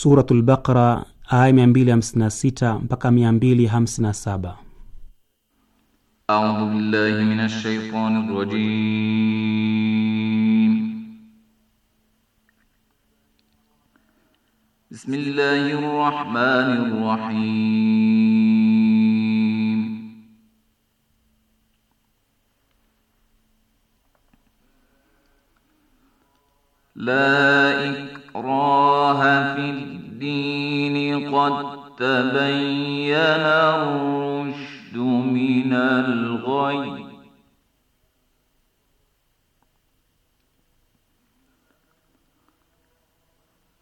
Suratul Baqara aya mia hamsini na sita mpaka 257. A'udhu billahi minash shaitani rajim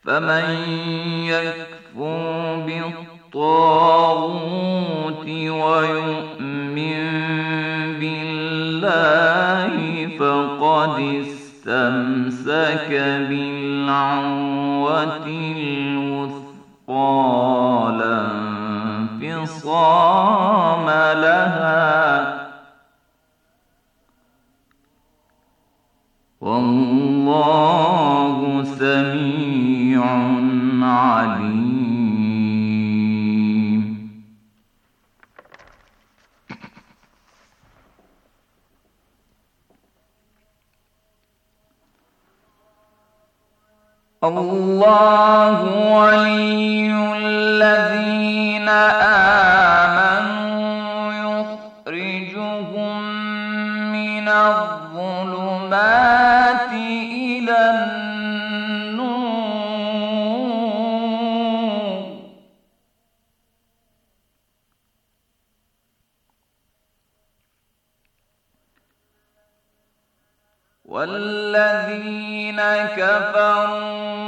فمن يكفر بالطاغوت ويؤمن بالله فقد استمسك بالعروة الوثقى لا انفصام لها والله سميع عليم الله ولي الذين آمنوا والذين كفروا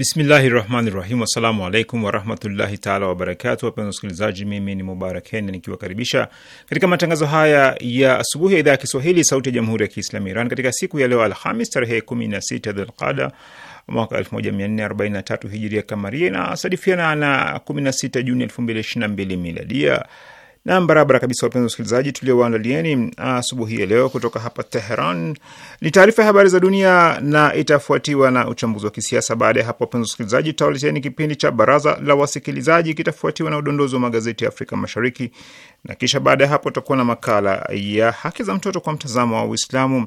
Bismillahi rahmani rahim. Assalamu alaikum warahmatullahi taala wabarakatu. Wapenzi wasikilizaji, mimi ni Mubarak Kenya nikiwakaribisha katika matangazo haya ya asubuhi ya idhaa ya Kiswahili sauti ya jamhuri ya Kiislamu Iran katika siku ya leo Alhamis tarehe 16 Dhulqada mwaka 1443 hijiria kamaria na sadifiana na 16 Juni 2022 miladia na barabara kabisa, wapenzi wasikilizaji, tuliowaandalieni asubuhi ya leo kutoka hapa Teheran ni taarifa ya habari za dunia na itafuatiwa na uchambuzi wa kisiasa. Baada ya hapo, wapenzi wasikilizaji, tutawaleteni kipindi cha baraza la wasikilizaji, kitafuatiwa na udondozi wa magazeti ya Afrika Mashariki, na kisha baada ya hapo tutakuwa na makala ya haki za mtoto kwa mtazamo wa Uislamu.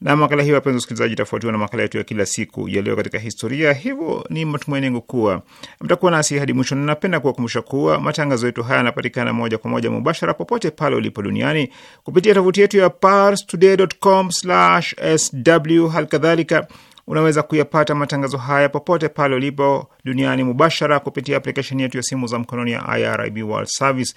Na makala hiyo, wapenzi wasikilizaji, itafuatiwa na makala yetu ya kila siku ya leo katika historia. Hivyo ni matumaini yangu kuwa mtakuwa nasi hadi mwisho, na napenda kuwakumbusha kuwa matangazo yetu haya yanapatikana moja kwa moja mubashara popote pale ulipo duniani kupitia tovuti yetu ya parstoday.com/sw. Hali kadhalika unaweza kuyapata matangazo haya popote pale ulipo duniani mubashara kupitia aplikesheni yetu ya simu za mkononi ya IRIB World Service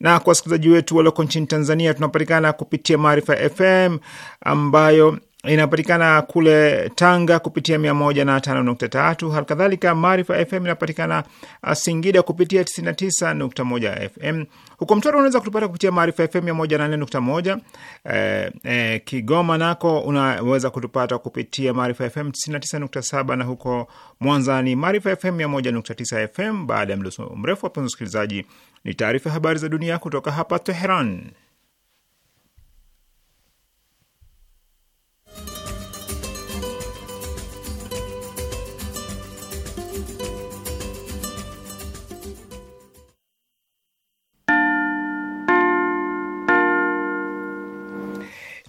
na kwa wasikilizaji wetu walioko nchini Tanzania tunapatikana kupitia Maarifa FM ambayo inapatikana kule Tanga kupitia 153 moja Halikadhalika, Maarifa FM inapatikana uh, Singida kupitia 991 FM. Huko Mtwara unaweza kutupata kupitia Maarifa FM mia Eh, eh, Kigoma nako unaweza kutupata kupitia Maarifa FM 99.7, na huko Mwanza ni Maarifa FM mia FM. Baada ya mdoso mrefu, wapenzi wasikilizaji, ni taarifa habari za dunia kutoka hapa Teheran.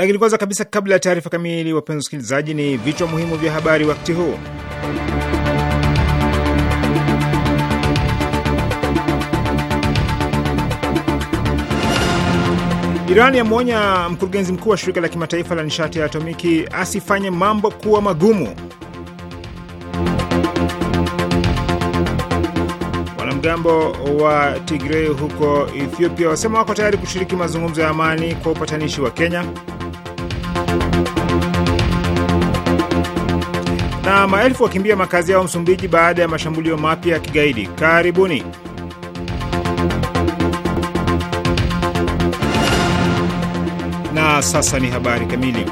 Lakini kwanza kabisa, kabla ya taarifa kamili, wapenzi wasikilizaji, ni vichwa muhimu vya habari wakati huu. Iran yamwonya mkurugenzi mkuu wa shirika la kimataifa la nishati ya atomiki asifanye mambo kuwa magumu. Wanamgambo wa Tigrei huko Ethiopia wasema wako tayari kushiriki mazungumzo ya amani kwa upatanishi wa Kenya na maelfu wakimbia makazi yao Msumbiji baada ya mashambulio mapya ya kigaidi. Karibuni. Na sasa ni habari kamili.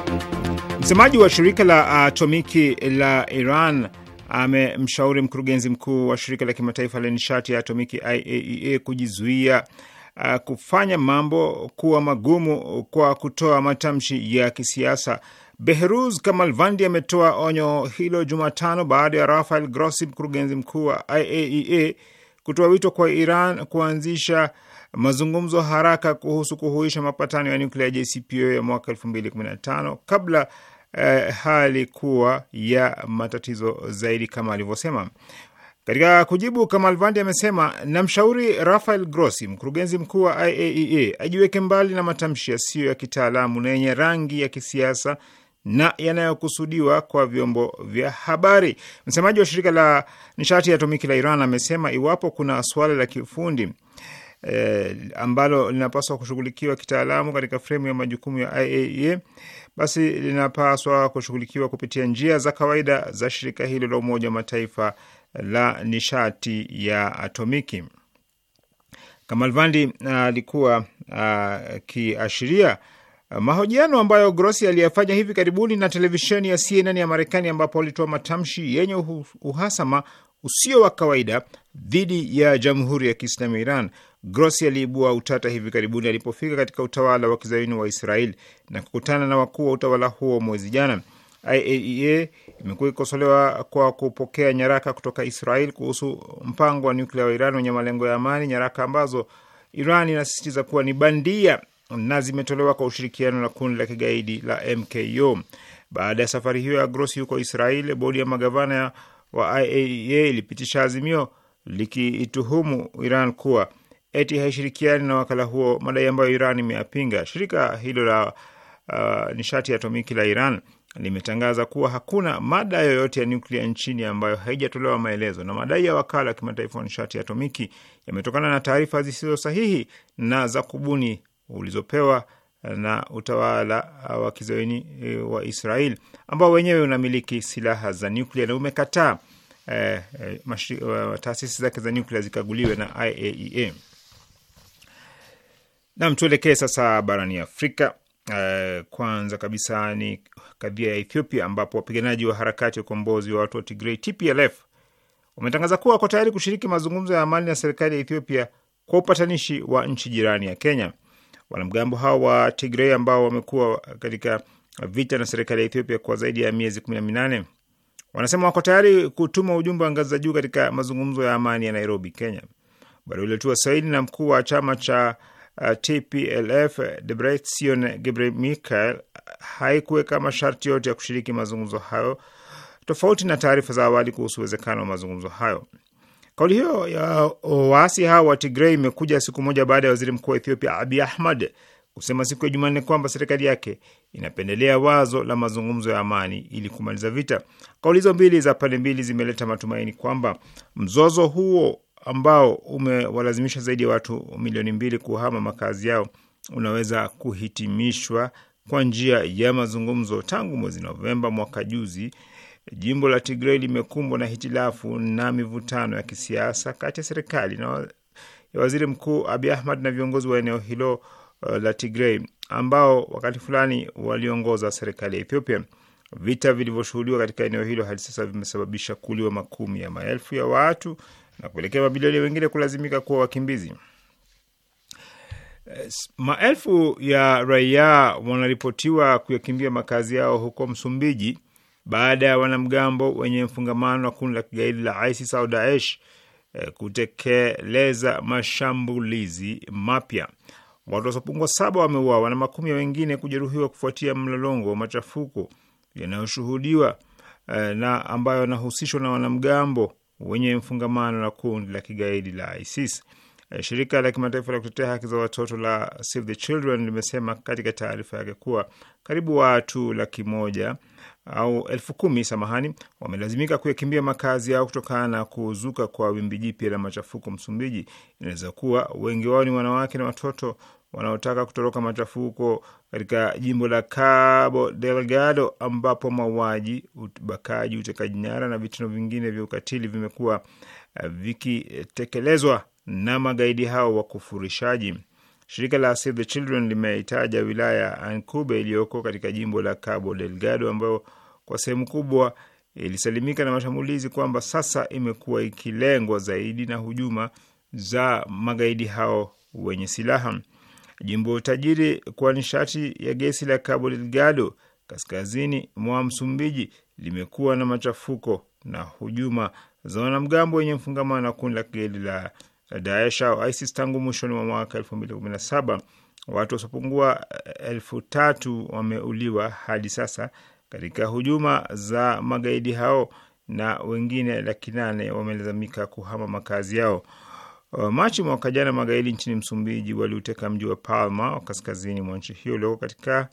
Msemaji wa shirika la uh, atomiki la Iran amemshauri mkurugenzi mkuu wa shirika la kimataifa la nishati ya atomiki IAEA e kujizuia Uh, kufanya mambo kuwa magumu kwa kutoa matamshi ya kisiasa. Behruz Kamalvandi ametoa onyo hilo Jumatano baada ya Rafael Grossi, mkurugenzi mkuu wa IAEA, e kutoa wito kwa Iran kuanzisha mazungumzo haraka kuhusu kuhuisha mapatano ya nyuklia JCPOA ya mwaka 2015 kabla eh, hali kuwa ya matatizo zaidi, kama alivyosema. Katika kujibu Kamal Vandi amesema, namshauri Rafael Grossi, mkurugenzi mkuu wa IAEA, e ajiweke mbali na matamshi yasiyo ya kitaalamu na yenye rangi ya kisiasa na yanayokusudiwa kwa vyombo vya habari. Msemaji wa shirika la nishati ya atomiki la Iran amesema iwapo kuna suala la kiufundi eh, ambalo linapaswa kushughulikiwa kitaalamu katika fremu ya majukumu ya IAEA e basi linapaswa kushughulikiwa kupitia njia za kawaida za shirika hilo la Umoja wa Mataifa la nishati ya atomiki. Kamalvandi ah, alikuwa uh, akiashiria uh, mahojiano ambayo Grossi aliyafanya hivi karibuni na televisheni ya CNN ya Marekani, ambapo alitoa matamshi yenye uhasama usio wa kawaida dhidi ya Jamhuri ya Kiislamu ya Iran. Grossi aliibua utata hivi karibuni alipofika katika utawala wa kizayuni wa Israel na kukutana na wakuu wa utawala huo mwezi jana. IAEA e imekuwa ikikosolewa kwa kupokea nyaraka kutoka Israel kuhusu mpango wa nyuklia wa Iran wenye malengo ya amani, nyaraka ambazo Iran inasisitiza kuwa ni bandia na zimetolewa kwa ushirikiano na kundi la kigaidi la MKO. Baada ya safari hiyo ya Grossi huko Israel, bodi ya magavana wa IAEA e ilipitisha azimio likiituhumu Iran kuwa eti haishirikiani na wakala huo, madai ambayo Iran imeyapinga. Shirika hilo la uh, nishati ya atomiki la Iran limetangaza kuwa hakuna mada yoyote ya nyuklia nchini ambayo haijatolewa maelezo, na madai ya wakala wa kimataifa wa nishati ya atomiki yametokana na taarifa zisizo sahihi na za kubuni ulizopewa na utawala uh, wa kizoini uh, wa Israel ambao wenyewe unamiliki silaha za nyuklia na umekataa eh, eh, taasisi zake za nyuklia zikaguliwe na IAEA. E Nam, tuelekee sasa barani Afrika. Uh, kwanza kabisa ni kadhia ya Ethiopia ambapo wapiganaji wa harakati ya ukombozi wa watu wa Tigrei TPLF wametangaza kuwa wako tayari kushiriki mazungumzo ya amani na serikali ya Ethiopia kwa upatanishi wa nchi jirani ya Kenya. Wanamgambo hao wa Tigrei ambao wamekuwa katika vita na serikali ya Ethiopia kwa zaidi ya miezi kumi na minane wanasema wako tayari kutuma ujumbe wa ngazi za juu katika mazungumzo ya amani ya Nairobi, Kenya. Barua iliyotiwa saini na mkuu wa chama cha uh, TPLF Debretsion Gebremichael haikuweka masharti yote ya kushiriki mazungumzo hayo, tofauti na taarifa za awali kuhusu uwezekano wa mazungumzo hayo. Kauli hiyo ya waasi hao wa Tigrei imekuja siku moja baada ya waziri mkuu wa Ethiopia Abi Ahmad kusema siku ya Jumanne kwamba serikali yake inapendelea wazo la mazungumzo ya amani ili kumaliza vita. Kauli hizo mbili za pande mbili zimeleta matumaini kwamba mzozo huo ambao umewalazimisha zaidi ya watu milioni mbili kuhama makazi yao unaweza kuhitimishwa kwa njia ya mazungumzo. Tangu mwezi Novemba mwaka juzi, jimbo la Tigrei limekumbwa na hitilafu na mivutano ya kisiasa kati ya serikali na waziri mkuu Abi Ahmad na viongozi wa eneo hilo uh, la Tigrei ambao wakati fulani waliongoza serikali ya Ethiopia. Vita vilivyoshuhudiwa katika eneo hilo hadi sasa vimesababisha kuliwa makumi ya maelfu ya watu na kuelekea mabilioni wengine kulazimika kuwa wakimbizi. Eh, maelfu ya raia wanaripotiwa kuyakimbia makazi yao huko Msumbiji baada ya wanamgambo wenye mfungamano na kundi la kigaidi la ISIS au Daesh eh, kutekeleza mashambulizi mapya. Watu wasiopungua saba wameuawa na makumi ya wengine kujeruhiwa kufuatia mlolongo wa machafuko yanayoshuhudiwa eh, na ambayo yanahusishwa na wanamgambo wenye mfungamano na kundi la kigaidi la ISIS. Eh, shirika la kimataifa la kutetea haki za watoto la Save the Children limesema katika taarifa yake kuwa karibu watu laki moja au elfu kumi samahani, wamelazimika kuyakimbia makazi yao kutokana na kuzuka kwa wimbi jipya la machafuko Msumbiji. Inaweza kuwa wengi wao ni wanawake na watoto wanaotaka kutoroka machafuko katika jimbo la Cabo Delgado ambapo mauaji, ubakaji, utekaji nyara na vitendo vingine vya ukatili vimekuwa eh, vikitekelezwa na magaidi hao wakufurishaji. Shirika la Save the Children limeitaja wilaya ya Ankube iliyoko katika jimbo la Cabo Delgado ambayo kwa sehemu kubwa ilisalimika na mashambulizi kwamba sasa imekuwa ikilengwa zaidi na hujuma za magaidi hao wenye silaha jimbo tajiri kwa nishati ya gesi la Cabo Delgado kaskazini mwa Msumbiji limekuwa na machafuko na hujuma za wanamgambo wenye mfungamano na kundi la kigaidi la Daesh au ISIS tangu mwishoni mwa mwaka 2017. Watu wasiopungua eh, elfu tatu wameuliwa hadi sasa katika hujuma za magaidi hao na wengine laki nane wamelazimika kuhama makazi yao. Uh, Machi mwaka jana, magaidi nchini Msumbiji waliuteka mji wa Palma wa kaskazini mwa nchi hiyo ulioko katika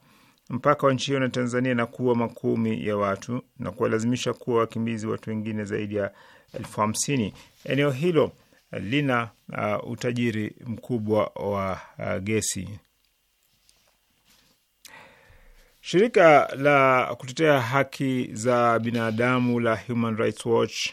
mpaka wa nchi hiyo na Tanzania na kuwa makumi ya watu na kuwalazimisha kuwa wakimbizi watu wengine zaidi ya elfu hamsini. Eneo hilo lina uh, utajiri mkubwa wa uh, gesi. Shirika la kutetea haki za binadamu la Human Rights Watch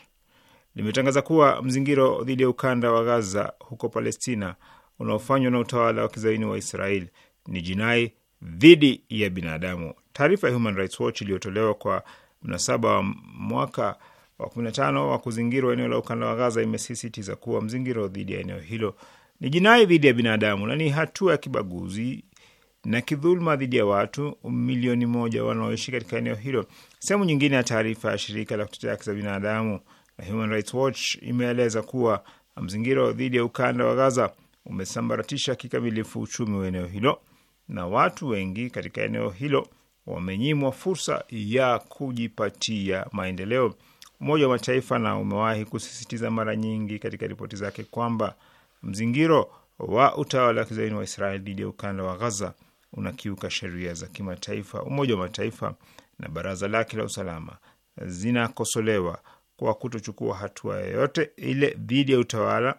limetangaza kuwa mzingiro dhidi ya ukanda wa Gaza huko Palestina unaofanywa na utawala wa kizaini wa Israel ni jinai dhidi ya binadamu. Taarifa ya Human Rights Watch iliyotolewa kwa mnasaba wa mwaka wa 15 wa kuzingirwa eneo la ukanda wa Gaza imesisitiza kuwa mzingiro dhidi ya eneo hilo ni jinai dhidi ya binadamu na ni hatua ya kibaguzi na kidhuluma dhidi ya watu milioni moja wanaoishi katika eneo hilo. Sehemu nyingine ya taarifa ya shirika la kutetea haki za binadamu Human Rights Watch imeeleza kuwa mzingiro dhidi ya ukanda wa Gaza umesambaratisha kikamilifu uchumi wa eneo hilo na watu wengi katika eneo hilo wamenyimwa fursa ya kujipatia maendeleo. Umoja wa Mataifa na umewahi kusisitiza mara nyingi katika ripoti zake kwamba mzingiro wa utawala wa kizaini wa Israeli dhidi ya ukanda wa Gaza unakiuka sheria za kimataifa. Umoja wa Mataifa na baraza lake la usalama zinakosolewa kwa kutochukua hatua yoyote ile dhidi ya utawala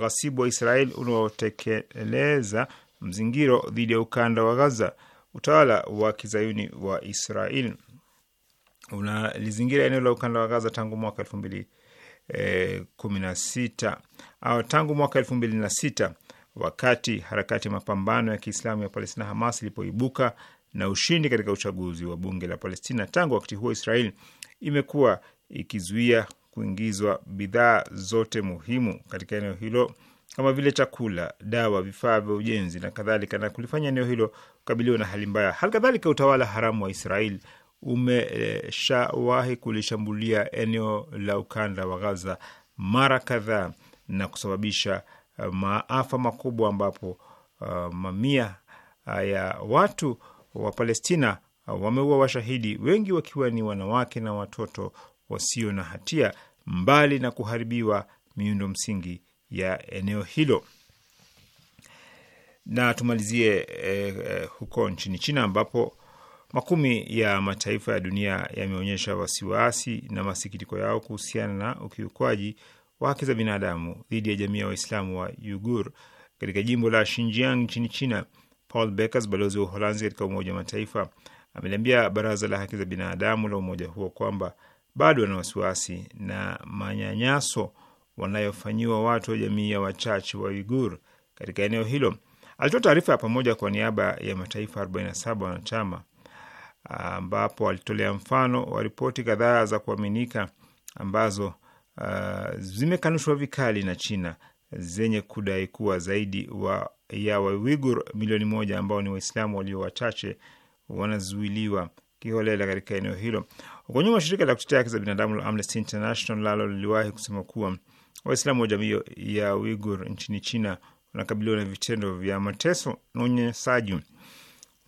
ghasibu wa Israel unaotekeleza mzingiro dhidi ya ukanda wa Gaza. Utawala wa kizayuni wa Israel unalizingira eneo la ukanda wa Gaza tangu mwaka elfu mbili e, kumi na sita au tangu mwaka elfu mbili na sita wakati harakati ya mapambano ya Kiislamu ya Palestina Hamas ilipoibuka na ushindi katika uchaguzi wa bunge la Palestina. Tangu wakati huo Israel imekuwa ikizuia kuingizwa bidhaa zote muhimu katika eneo hilo kama vile chakula, dawa, vifaa vya ujenzi na kadhalika, na kulifanya eneo hilo kukabiliwa na hali mbaya. Hali kadhalika utawala haramu wa Israel umeshawahi kulishambulia eneo la ukanda wa Gaza mara kadhaa na kusababisha uh, maafa makubwa, ambapo uh, mamia uh, ya watu wa Palestina uh, wameua washahidi, wengi wakiwa ni wanawake na watoto wasio na hatia, mbali na kuharibiwa miundo msingi ya eneo hilo. Na tumalizie eh, eh, huko nchini China ambapo makumi ya mataifa ya dunia yameonyesha wasiwasi na masikitiko yao kuhusiana na ukiukwaji wa haki za binadamu dhidi ya jamii ya Waislamu wa Yugur katika jimbo la Xinjiang nchini China. Paul Bekers, balozi wa Uholanzi katika Umoja wa Mataifa, ameliambia baraza la haki za binadamu la umoja huo kwamba bado wana wasiwasi na manyanyaso wanayofanyiwa watu wa jamii ya wachache wa Uigur katika eneo hilo. Alitoa taarifa ya pamoja kwa niaba ya mataifa 47 wanachama, ambapo alitolea mfano wa ripoti kadhaa za kuaminika ambazo uh, zimekanushwa vikali na China zenye kudai kuwa zaidi wa, ya Waigur milioni moja ambao ni Waislamu walio wachache wanazuiliwa kiholela katika eneo hilo. Huko nyuma shirika la kutetea haki za binadamu la Amnesty International lalo liliwahi kusema kuwa Waislamu wa jamii ya Uighur nchini China wanakabiliwa na vitendo vya mateso na unyanyasaji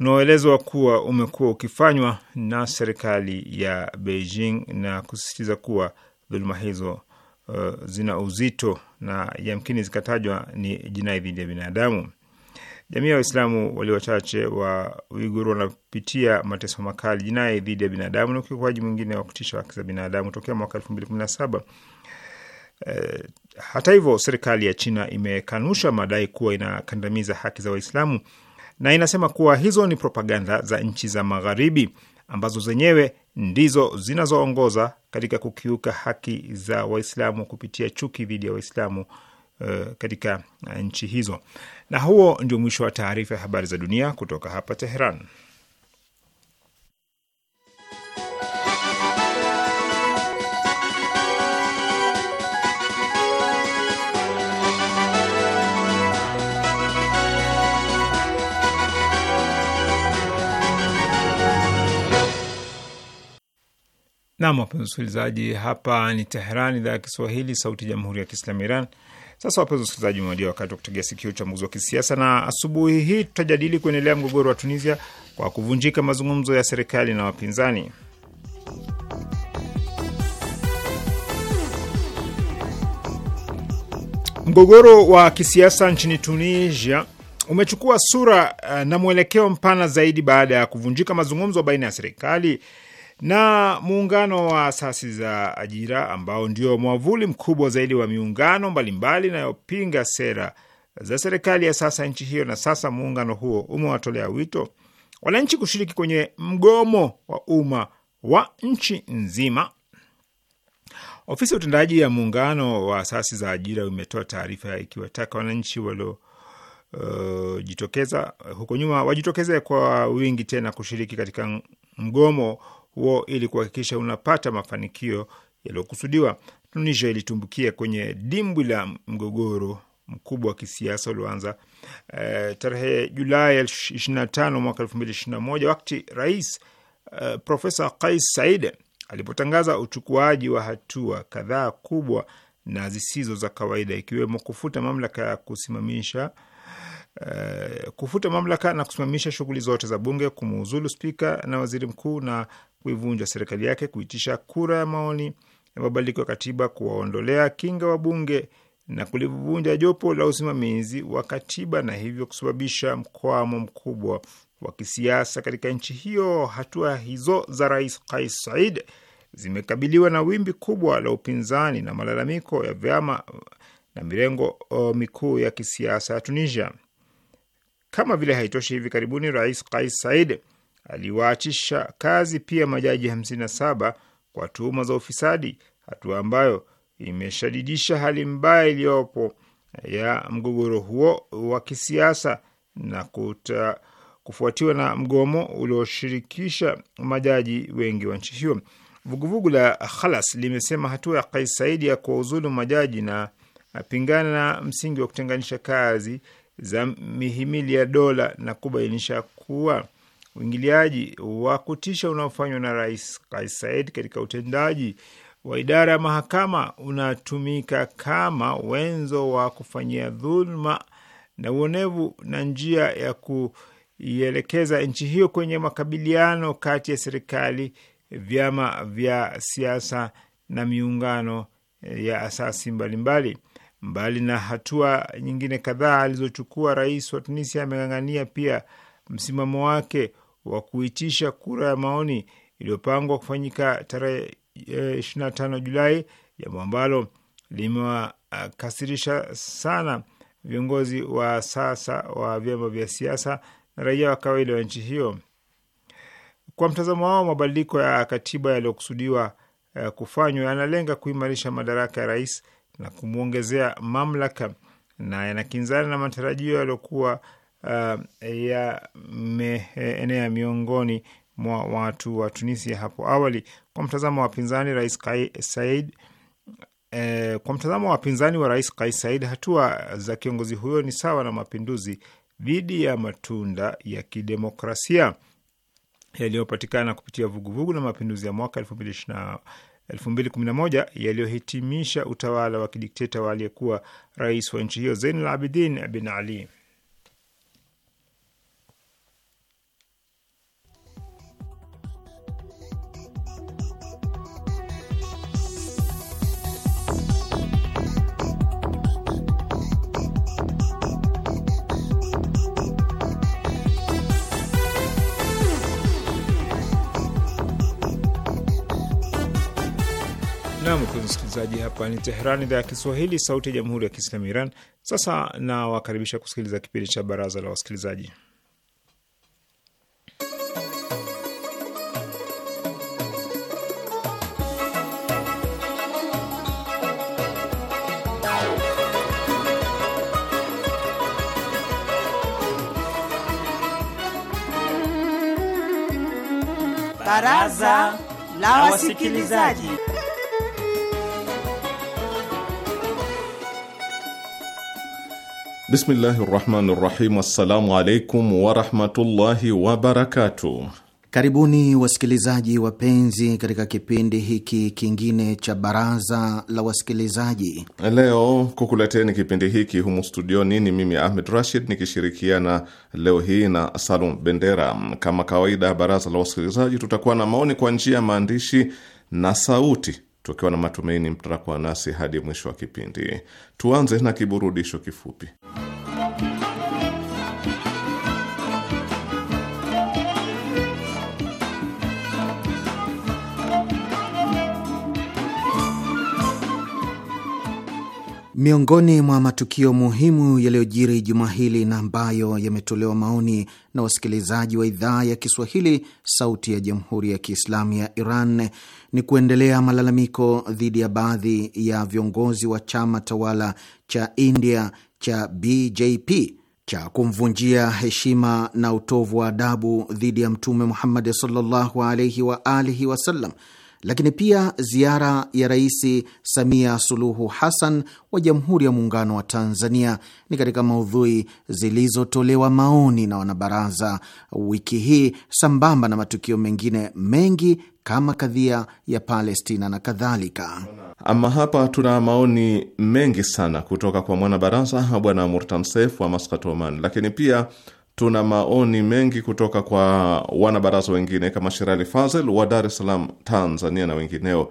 unaoelezwa kuwa umekuwa ukifanywa na serikali ya Beijing na kusisitiza kuwa dhuluma hizo uh, zina uzito na yamkini zikatajwa ni jinai dhidi ya binadamu. Jamii ya Waislamu walio wachache wa Uiguru wanapitia mateso makali, jinai dhidi ya binadamu na ukiukaji mwingine wa kutisha haki za binadamu tokea mwaka elfu mbili kumi na saba. E, hata hivyo serikali ya China imekanusha madai kuwa inakandamiza haki za Waislamu na inasema kuwa hizo ni propaganda za nchi za Magharibi ambazo zenyewe ndizo zinazoongoza katika kukiuka haki za Waislamu kupitia chuki dhidi ya Waislamu e, katika eh, nchi hizo. Na huo ndio mwisho wa taarifa ya habari za dunia kutoka hapa Teheran. Nam, wapenzi wasikilizaji, hapa ni Teheran, idhaa ya Kiswahili, sauti ya jamhuri ya kiislamu Iran. Sasa wapenzi wasikilizaji, umewadia wakati wa kutegea sikio uchambuzi wa kisiasa, na asubuhi hii tutajadili kuendelea mgogoro wa Tunisia kwa kuvunjika mazungumzo ya serikali na wapinzani. Mgogoro wa kisiasa nchini Tunisia umechukua sura eh, na mwelekeo mpana zaidi baada ya kuvunjika mazungumzo baina ya serikali na muungano wa asasi za ajira ambao ndio mwavuli mkubwa zaidi wa miungano mbalimbali inayopinga sera za serikali ya sasa nchi hiyo. Na sasa muungano huo umewatolea wito wananchi kushiriki kwenye mgomo wa umma wa nchi nzima. Ofisi ya utendaji ya muungano wa asasi za ajira imetoa taarifa ikiwataka wananchi walio Uh, jitokeza huko nyuma wajitokeze kwa wingi tena kushiriki katika mgomo huo ili kuhakikisha unapata mafanikio yaliyokusudiwa. Tunisia ilitumbukia kwenye dimbwi la mgogoro mkubwa wa kisiasa ulioanza e, tarehe Julai 25 mwaka 2021 wakati rais e, Profesa Kais Said alipotangaza uchukuaji wa hatua kadhaa kubwa na zisizo za kawaida ikiwemo kufuta mamlaka ya kusimamisha Eh, kufuta mamlaka na kusimamisha shughuli zote za bunge, kumuuzulu spika na waziri mkuu na kuivunja serikali yake, kuitisha kura ya maoni ya mabadiliko ya katiba, kuwaondolea kinga wa bunge na kulivunja jopo la usimamizi wa katiba na hivyo kusababisha mkwamo mkubwa wa kisiasa katika nchi hiyo. Hatua hizo za Rais Kais said zimekabiliwa na wimbi kubwa la upinzani na malalamiko ya vyama na mirengo oh, mikuu ya kisiasa ya Tunisia. Kama vile haitoshi, hivi karibuni Rais Kais Said aliwaachisha kazi pia majaji 57 kwa tuhuma za ufisadi, hatua ambayo imeshadidisha hali mbaya iliyopo ya mgogoro huo wa kisiasa na kuta, kufuatiwa na mgomo ulioshirikisha majaji wengi wa nchi hiyo. Vuguvugu la Khalas limesema hatua ya Kais Saidi ya kuwauzulu majaji na pingana na msingi wa kutenganisha kazi za mihimili ya dola na kubainisha kuwa uingiliaji wa kutisha unaofanywa na Rais Kais Saied katika utendaji wa idara ya mahakama unatumika kama wenzo wa kufanyia dhuluma na uonevu na njia ya kuielekeza nchi hiyo kwenye makabiliano kati ya serikali, vyama vya siasa na miungano ya asasi mbalimbali mbali. Mbali na hatua nyingine kadhaa alizochukua, rais wa Tunisia ameng'ang'ania pia msimamo wake wa kuitisha kura ya maoni iliyopangwa kufanyika tarehe 25 eh, Julai, jambo ambalo limewakasirisha sana viongozi wa sasa wa vyama vya siasa na raia wa kawaida wa nchi hiyo. Kwa mtazamo wao, mabadiliko ya katiba yaliyokusudiwa eh, kufanywa yanalenga kuimarisha madaraka ya rais na kumwongezea mamlaka na yanakinzana na matarajio yaliyokuwa uh, yameenea miongoni mwa watu wa Tunisia hapo awali. Kwa mtazamo wa wapinzani Rais Said eh, kwa mtazamo wa wapinzani wa Rais Kais Said, hatua za kiongozi huyo ni sawa na mapinduzi dhidi ya matunda ya kidemokrasia yaliyopatikana kupitia vuguvugu la mapinduzi ya mwaka elfu mbili ishirini na 2011 yaliyohitimisha utawala wa kidikteta wa aliyekuwa rais wa nchi hiyo Zein Abidin Bin Ali. msikilizaji. Hapa ni Teheran, idhaa ya Kiswahili, sauti ya jamhuri ya kiislamu Iran. Sasa nawakaribisha kusikiliza kipindi cha baraza la wasikilizaji. Baraza la wasikilizaji. Bismillahi rahmani rahim. Assalamu alaikum warahmatullahi wabarakatuh. Karibuni wasikilizaji wapenzi, katika kipindi hiki kingine cha baraza la wasikilizaji. Leo kukuleteni kipindi hiki humu studioni ni mimi Ahmed Rashid nikishirikiana leo hii na Salum Bendera. Kama kawaida, baraza la wasikilizaji tutakuwa na maoni kwa njia ya maandishi na sauti tukiwa na matumaini mtakuwa nasi hadi mwisho wa kipindi. Tuanze na kiburudisho kifupi. Miongoni mwa matukio muhimu yaliyojiri juma hili na ambayo yametolewa maoni na wasikilizaji wa idhaa ya Kiswahili sauti ya Jamhuri ya Kiislamu ya Iran ni kuendelea malalamiko dhidi ya baadhi ya viongozi wa chama tawala cha India cha BJP cha kumvunjia heshima na utovu wa adabu dhidi ya Mtume Muhammadi sallallahu alaihi wa alihi wasallam lakini pia ziara ya Rais Samia Suluhu Hassan wa Jamhuri ya Muungano wa Tanzania ni katika maudhui zilizotolewa maoni na wanabaraza wiki hii, sambamba na matukio mengine mengi kama kadhia ya Palestina na kadhalika. Ama hapa tuna maoni mengi sana kutoka kwa mwanabaraza Bwana Murtamsef wa Maskat, Oman, lakini pia tuna maoni mengi kutoka kwa wanabaraza wengine kama Shirali Fazel wa Dar es Salaam, Tanzania na wengineo.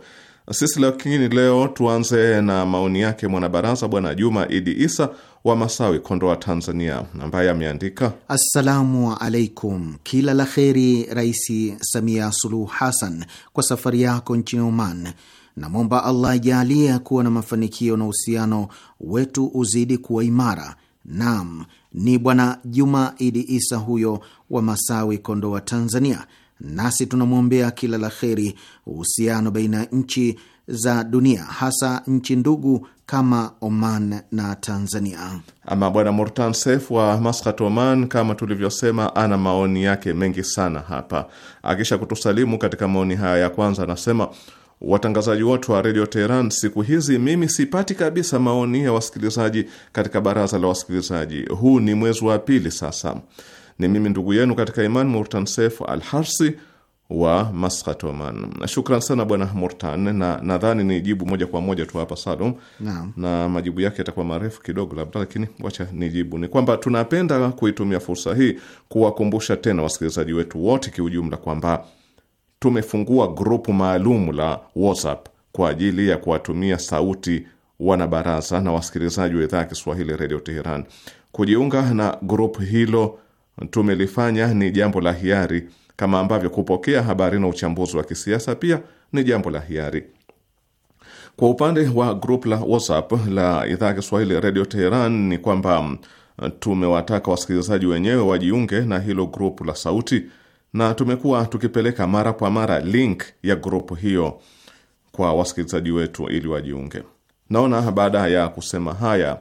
Sisi lakini leo tuanze na maoni yake mwanabaraza Bwana Juma Idi Isa wa Masawi, Kondoa, Tanzania, ambaye ameandika: assalamu alaikum, kila la kheri Rais Samia Suluhu Hassan kwa safari yako nchini Oman. Namwomba Allah ajalie kuwa na mafanikio na uhusiano wetu uzidi kuwa imara Naam, ni Bwana Juma Idi Isa huyo wa Masawi, Kondoa, Tanzania. Nasi tunamwombea kila la kheri uhusiano baina ya nchi za dunia, hasa nchi ndugu kama Oman na Tanzania. Ama bwana Murtan Sef wa Maskat, Oman, kama tulivyosema, ana maoni yake mengi sana hapa. Akisha kutusalimu katika maoni haya ya kwanza, anasema watangazaji wote wa redio Teheran siku hizi, mimi sipati kabisa maoni ya wasikilizaji katika baraza la wasikilizaji. Huu ni mwezi wa pili sasa. Ni mimi ndugu yenu katika iman Murtan Sef Al Harsi wa Maskat, Oman. Shukran sana bwana Murtan, na nadhani ni jibu moja kwa moja tu hapa Salum na, na majibu yake yatakuwa marefu kidogo labda, lakini wacha jibu ni kwamba tunapenda kuitumia fursa hii kuwakumbusha tena wasikilizaji wetu wote kiujumla kwamba tumefungua grupu maalum la WhatsApp kwa ajili ya kuwatumia sauti wanabaraza na wasikilizaji wa idhaa ya Kiswahili Redio Teheran. Kujiunga na grupu hilo tumelifanya ni jambo la hiari, kama ambavyo kupokea habari na uchambuzi wa kisiasa pia ni jambo la hiari. Kwa upande wa grupu la WhatsApp la idhaa ya Kiswahili Redio Teheran ni kwamba tumewataka wasikilizaji wenyewe wajiunge na hilo grupu la sauti na tumekuwa tukipeleka mara kwa mara link ya grupu hiyo kwa wasikilizaji wetu ili wajiunge. Naona baada ya kusema haya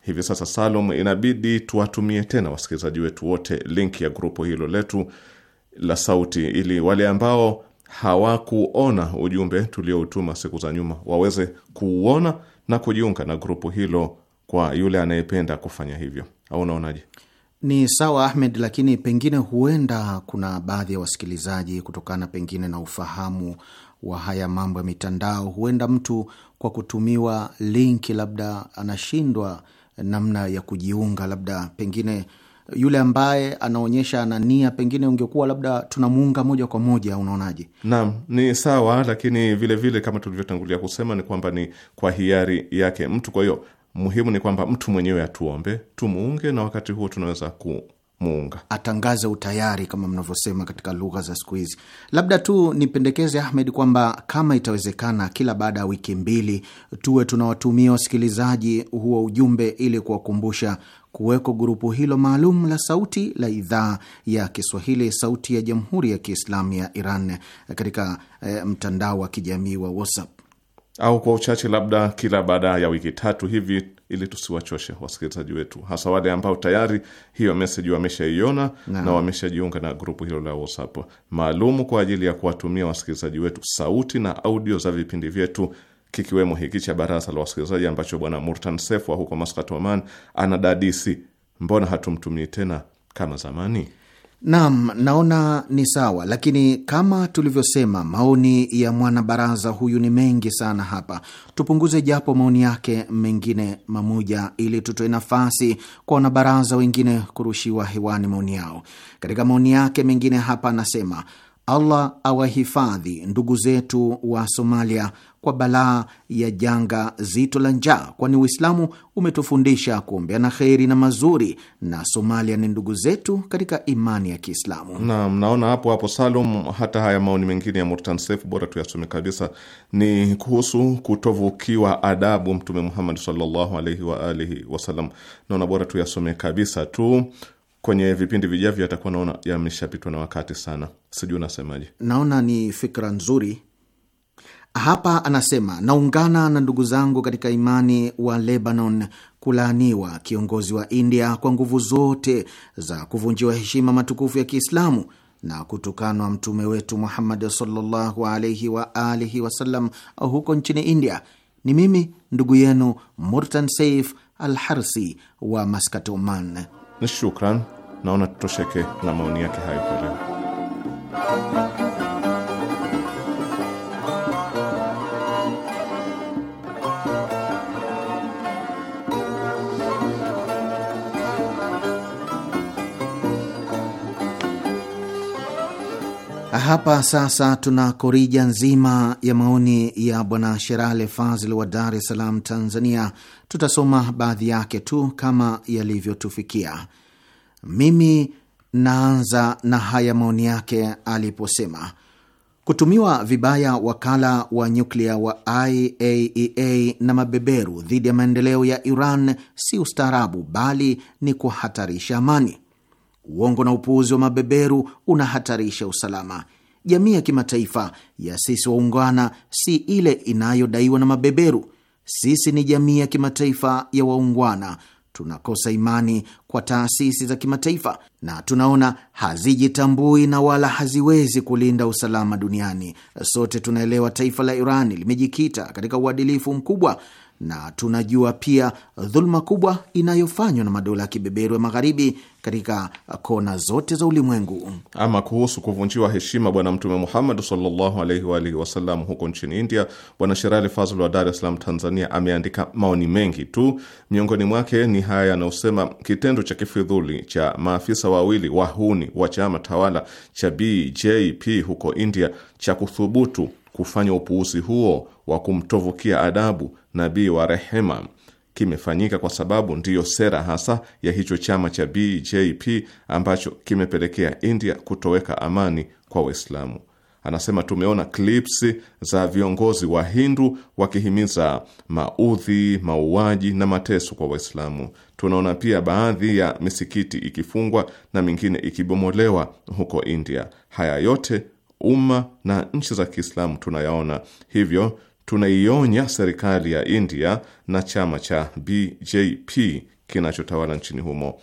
hivi sasa, Salum, inabidi tuwatumie tena wasikilizaji wetu wote link ya grupu hilo letu la sauti, ili wale ambao hawakuona ujumbe tulioutuma siku za nyuma waweze kuuona na kujiunga na grupu hilo, kwa yule anayependa kufanya hivyo. Au unaonaje? Ni sawa Ahmed, lakini pengine huenda kuna baadhi ya wasikilizaji, kutokana pengine na ufahamu wa haya mambo ya mitandao, huenda mtu kwa kutumiwa linki, labda anashindwa namna ya kujiunga, labda pengine yule ambaye anaonyesha ana nia, pengine ungekuwa labda tunamuunga moja kwa moja. Unaonaje? Naam, ni sawa, lakini vilevile vile, kama tulivyotangulia kusema, ni kwamba ni kwa hiari yake mtu. Kwa hiyo Muhimu ni kwamba mtu mwenyewe atuombe, tumuunge, na wakati huo tunaweza kumuunga, atangaze utayari kama mnavyosema katika lugha za siku hizi. Labda tu nipendekeze Ahmed kwamba kama itawezekana, kila baada ya wiki mbili tuwe tunawatumia wasikilizaji huo ujumbe ili kuwakumbusha kuweko grupu hilo maalum la sauti la idhaa ya Kiswahili sauti ya jamhuri ya Kiislamu ya Iran katika eh, mtandao wa kijamii wa WhatsApp au kwa uchache labda kila baada ya wiki tatu hivi, ili tusiwachoshe wasikilizaji wetu, hasa wale ambao tayari hiyo meseji wameshaiona na, na wameshajiunga na grupu hilo la WhatsApp maalumu kwa ajili ya kuwatumia wasikilizaji wetu sauti na audio za vipindi vyetu kikiwemo hiki cha baraza la wasikilizaji ambacho bwana Murtan Sefwa huko Maskat, Oman, ana dadisi, mbona hatumtumii tena kama zamani? Naam, naona ni sawa, lakini kama tulivyosema, maoni ya mwanabaraza huyu ni mengi sana hapa. Tupunguze japo maoni yake mengine mamoja, ili tutoe nafasi kwa wanabaraza wengine kurushiwa hewani maoni yao. Katika maoni yake mengine hapa anasema Allah awahifadhi ndugu zetu wa Somalia kwa balaa ya janga zito la njaa, kwani Uislamu umetufundisha kuombea na kheri na mazuri, na Somalia ni ndugu zetu katika imani ya Kiislamu. Na mnaona hapo hapo, Salum, hata haya maoni mengine ya Murtan Sef bora tuyasome kabisa, ni kuhusu kutovukiwa adabu Mtume Muhammad sallallahu alaihi waalihi wasalam. Naona bora tuyasome kabisa tu kwenye vipindi vijavyo yatakuwa naona yameshapitwa na wakati sana. Sijui unasemaje? Naona ni fikra nzuri. Hapa anasema naungana na ndugu zangu katika imani wa Lebanon kulaaniwa kiongozi wa India kwa nguvu zote za kuvunjiwa heshima matukufu ya Kiislamu na kutukanwa mtume wetu Muhammad sallallahu alaihi wa alihi wasallam huko nchini India. Ni mimi ndugu yenu Murtan Saif Alharsi wa Maskat, Oman. Ni shukran, naona tutosheke na maoni yake hayo kwa leo. Hapa sasa tuna korija nzima ya maoni ya bwana Sherale Fazil wa Dar es Salaam, Tanzania. Tutasoma baadhi yake tu kama yalivyotufikia. Mimi naanza na haya maoni yake aliposema kutumiwa vibaya wakala wa nyuklia wa IAEA e na mabeberu dhidi ya maendeleo ya Iran si ustaarabu, bali ni kuhatarisha amani. Uongo na upuuzi wa mabeberu unahatarisha usalama. Jamii ya kimataifa ya sisi waungwana si ile inayodaiwa na mabeberu. Sisi ni jamii ya kimataifa ya waungwana. Tunakosa imani kwa taasisi za kimataifa na tunaona hazijitambui na wala haziwezi kulinda usalama duniani. Sote tunaelewa taifa la iran limejikita katika uadilifu mkubwa na tunajua pia dhuluma kubwa inayofanywa na madola ya kibeberu ya magharibi katika kona zote za ulimwengu. Ama kuhusu kuvunjiwa heshima Bwana Mtume Muhammad sallallahu alaihi wa alihi wasallam huko nchini India, Bwana Sherali Fazl wa Dar es Salaam, Tanzania, ameandika maoni mengi tu. Miongoni mwake ni haya yanayosema, kitendo cha kifidhuli cha maafisa wawili wahuni wa chama tawala cha BJP huko India cha kuthubutu kufanya upuuzi huo wa kumtovukia adabu nabii wa rehema kimefanyika kwa sababu ndiyo sera hasa ya hicho chama cha BJP ambacho kimepelekea India kutoweka amani kwa Waislamu. Anasema tumeona clips za viongozi wa Hindu wakihimiza maudhi, mauaji na mateso kwa Waislamu. Tunaona pia baadhi ya misikiti ikifungwa na mingine ikibomolewa huko India. Haya yote umma na nchi za Kiislamu tunayaona, hivyo tunaionya serikali ya India na chama cha BJP kinachotawala nchini humo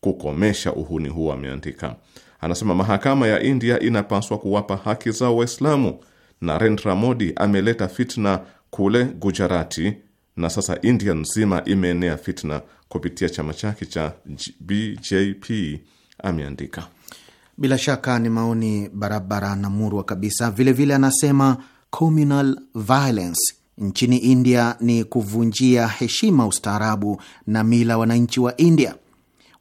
kukomesha uhuni huo ameandika. Anasema mahakama ya India inapaswa kuwapa haki zao Waislamu. Narendra Modi ameleta fitna kule Gujarati na sasa India nzima imeenea fitna kupitia chama chake cha BJP, ameandika. Bila shaka ni maoni barabara na murwa kabisa. Vilevile vile anasema communal violence nchini India ni kuvunjia heshima ustaarabu na mila wananchi wa India.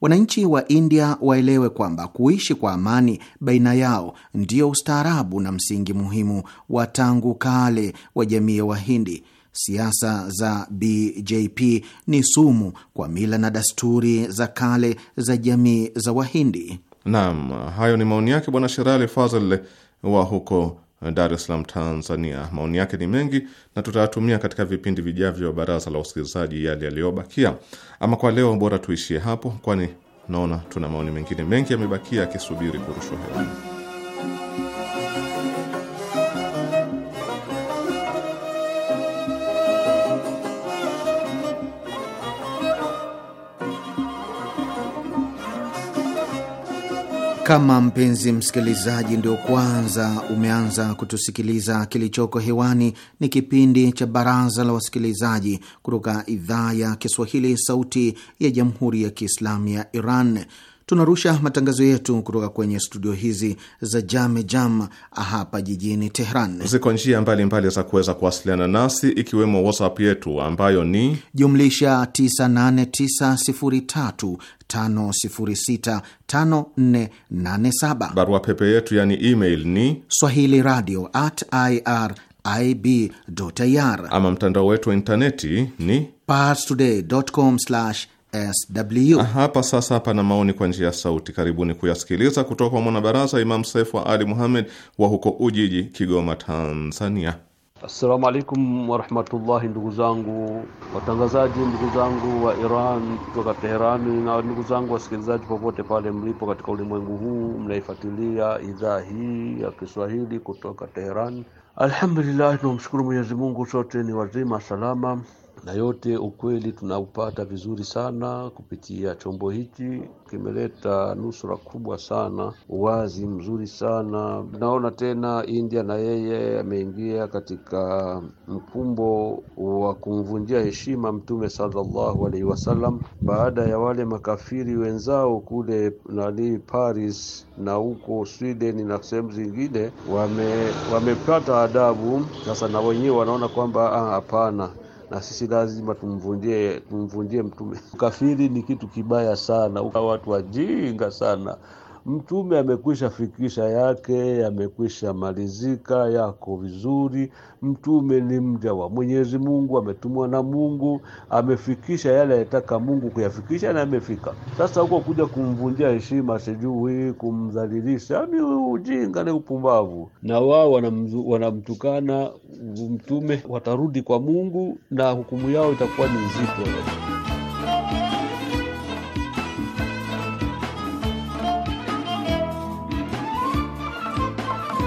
Wananchi wa India waelewe kwamba kuishi kwa amani baina yao ndio ustaarabu na msingi muhimu wa tangu kale wa jamii ya Wahindi. Siasa za BJP ni sumu kwa mila na dasturi za kale za jamii za Wahindi. Naam, hayo ni maoni yake Bwana Sherali Fazl wa huko Dar es Salaam, Tanzania. Maoni yake ni mengi na tutayatumia katika vipindi vijavyo baraza la usikilizaji yale yaliyobakia. Ama kwa leo, bora tuishie hapo, kwani naona tuna maoni mengine mengi yamebakia yakisubiri kurushwa hewani. Kama mpenzi msikilizaji ndio kwanza umeanza kutusikiliza, kilichoko hewani ni kipindi cha Baraza la Wasikilizaji kutoka idhaa ya Kiswahili, Sauti ya Jamhuri ya Kiislamu ya Iran. Tunarusha matangazo yetu kutoka kwenye studio hizi za Jame Jam hapa jijini Tehran. Ziko njia mbalimbali za kuweza kuwasiliana nasi, ikiwemo WhatsApp yetu ambayo ni jumlisha 989565487. Barua pepe yetu yani email ni swahili radio at ir Ama mtandao wetu wa intaneti ni parstoday.com SW. Hapa sasa pana maoni kwa njia ya sauti, karibuni kuyasikiliza kutoka kwa mwanabaraza Imam wa Ali Muhamed wa huko Ujiji, Kigoma, Tanzania. Assalamu alaikum warahmatullahi, ndugu zangu watangazaji, ndugu zangu wa Iran kutoka Teherani, na ndugu zangu wasikilizaji popote pale mlipo katika ulimwengu huu mnaifuatilia idhaa hii ya Kiswahili kutoka Teherani. Alhamdulillah, tunamshukuru Mwenyezi Mungu, sote ni wazima salama na yote ukweli tunaupata vizuri sana kupitia chombo hiki. Kimeleta nusura kubwa sana, uwazi mzuri sana. Naona tena India na yeye ameingia katika mkumbo wa kumvunjia heshima Mtume sallallahu alaihi wasallam baada ya wale makafiri wenzao kule nani Paris na huko Sweden na sehemu zingine wame, wamepata adabu sasa, na wenyewe wanaona kwamba ah, hapana na sisi lazima tumvunjie tumvunjie Mtume. Ukafiri ni kitu kibaya sana, watu wajinga sana. Mtume amekwisha fikisha yake, amekwisha malizika yako vizuri. Mtume ni mja wa Mwenyezi Mungu, ametumwa na Mungu, amefikisha yale anayetaka Mungu kuyafikisha na amefika. Sasa huko kuja kumvunjia heshima, sijui kumdhalilisha, ni ujinga, ni upumbavu, na wao wanamtukana Mtume, watarudi kwa Mungu na hukumu yao itakuwa ni nzito.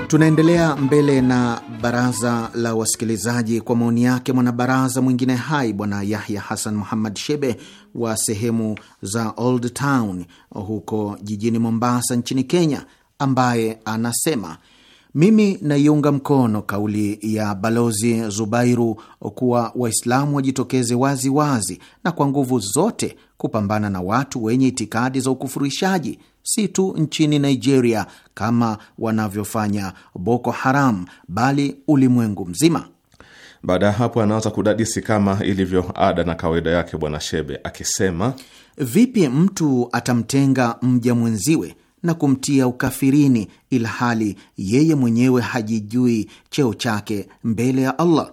Tunaendelea mbele na baraza la wasikilizaji kwa maoni yake mwanabaraza mwingine hai Bwana Yahya Hassan Muhammad Shebe wa sehemu za Old Town huko jijini Mombasa nchini Kenya, ambaye anasema mimi naiunga mkono kauli ya Balozi Zubairu kuwa Waislamu wajitokeze waziwazi na kwa nguvu zote kupambana na watu wenye itikadi za ukufurishaji si tu nchini Nigeria kama wanavyofanya Boko Haram, bali ulimwengu mzima. Baada ya hapo, anaanza kudadisi kama ilivyo ada na kawaida yake Bwana Shebe akisema, vipi mtu atamtenga mja mwenziwe na kumtia ukafirini, ilhali yeye mwenyewe hajijui cheo chake mbele ya Allah?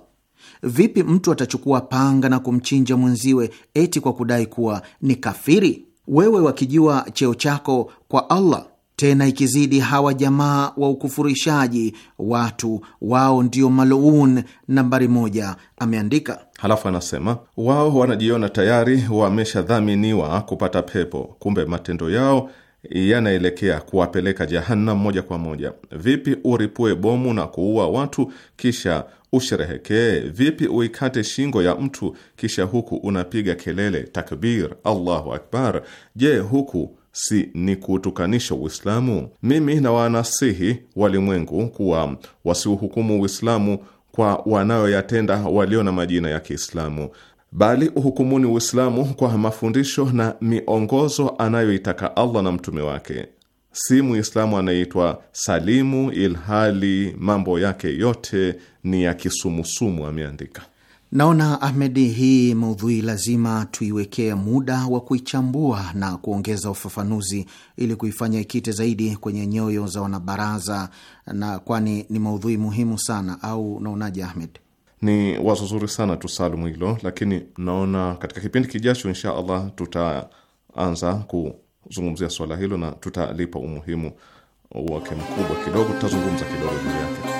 Vipi mtu atachukua panga na kumchinja mwenziwe eti kwa kudai kuwa ni kafiri? wewe wakijua cheo chako kwa Allah. Tena ikizidi hawa jamaa wa ukufurishaji watu wao ndio maluun nambari moja, ameandika. Halafu anasema wao wanajiona tayari wameshadhaminiwa kupata pepo, kumbe matendo yao yanaelekea kuwapeleka jahannam moja kwa moja. Vipi uripue bomu na kuua watu kisha usherehekee? Vipi uikate shingo ya mtu kisha huku unapiga kelele takbir, Allahu akbar? Je, huku si ni kuutukanisha Uislamu? Mimi na wanasihi walimwengu kuwa wasiuhukumu Uislamu kwa wanayoyatenda walio na majina ya Kiislamu, bali uhukumuni Uislamu kwa mafundisho na miongozo anayoitaka Allah na mtume wake si Muislamu anaitwa Salimu ilhali mambo yake yote ni ya kisumusumu, ameandika. Naona Ahmedi, hii maudhui lazima tuiwekee muda wa kuichambua na kuongeza ufafanuzi ili kuifanya ikite zaidi kwenye nyoyo za wanabaraza, na kwani ni maudhui muhimu sana, au unaonaje Ahmed? Ni wazo zuri sana tu Salumu hilo, lakini naona katika kipindi kijacho insha Allah tutaanza ku kuzungumzia swala hilo na tutalipa umuhimu wake mkubwa kidogo, tutazungumza kidogo juu yake.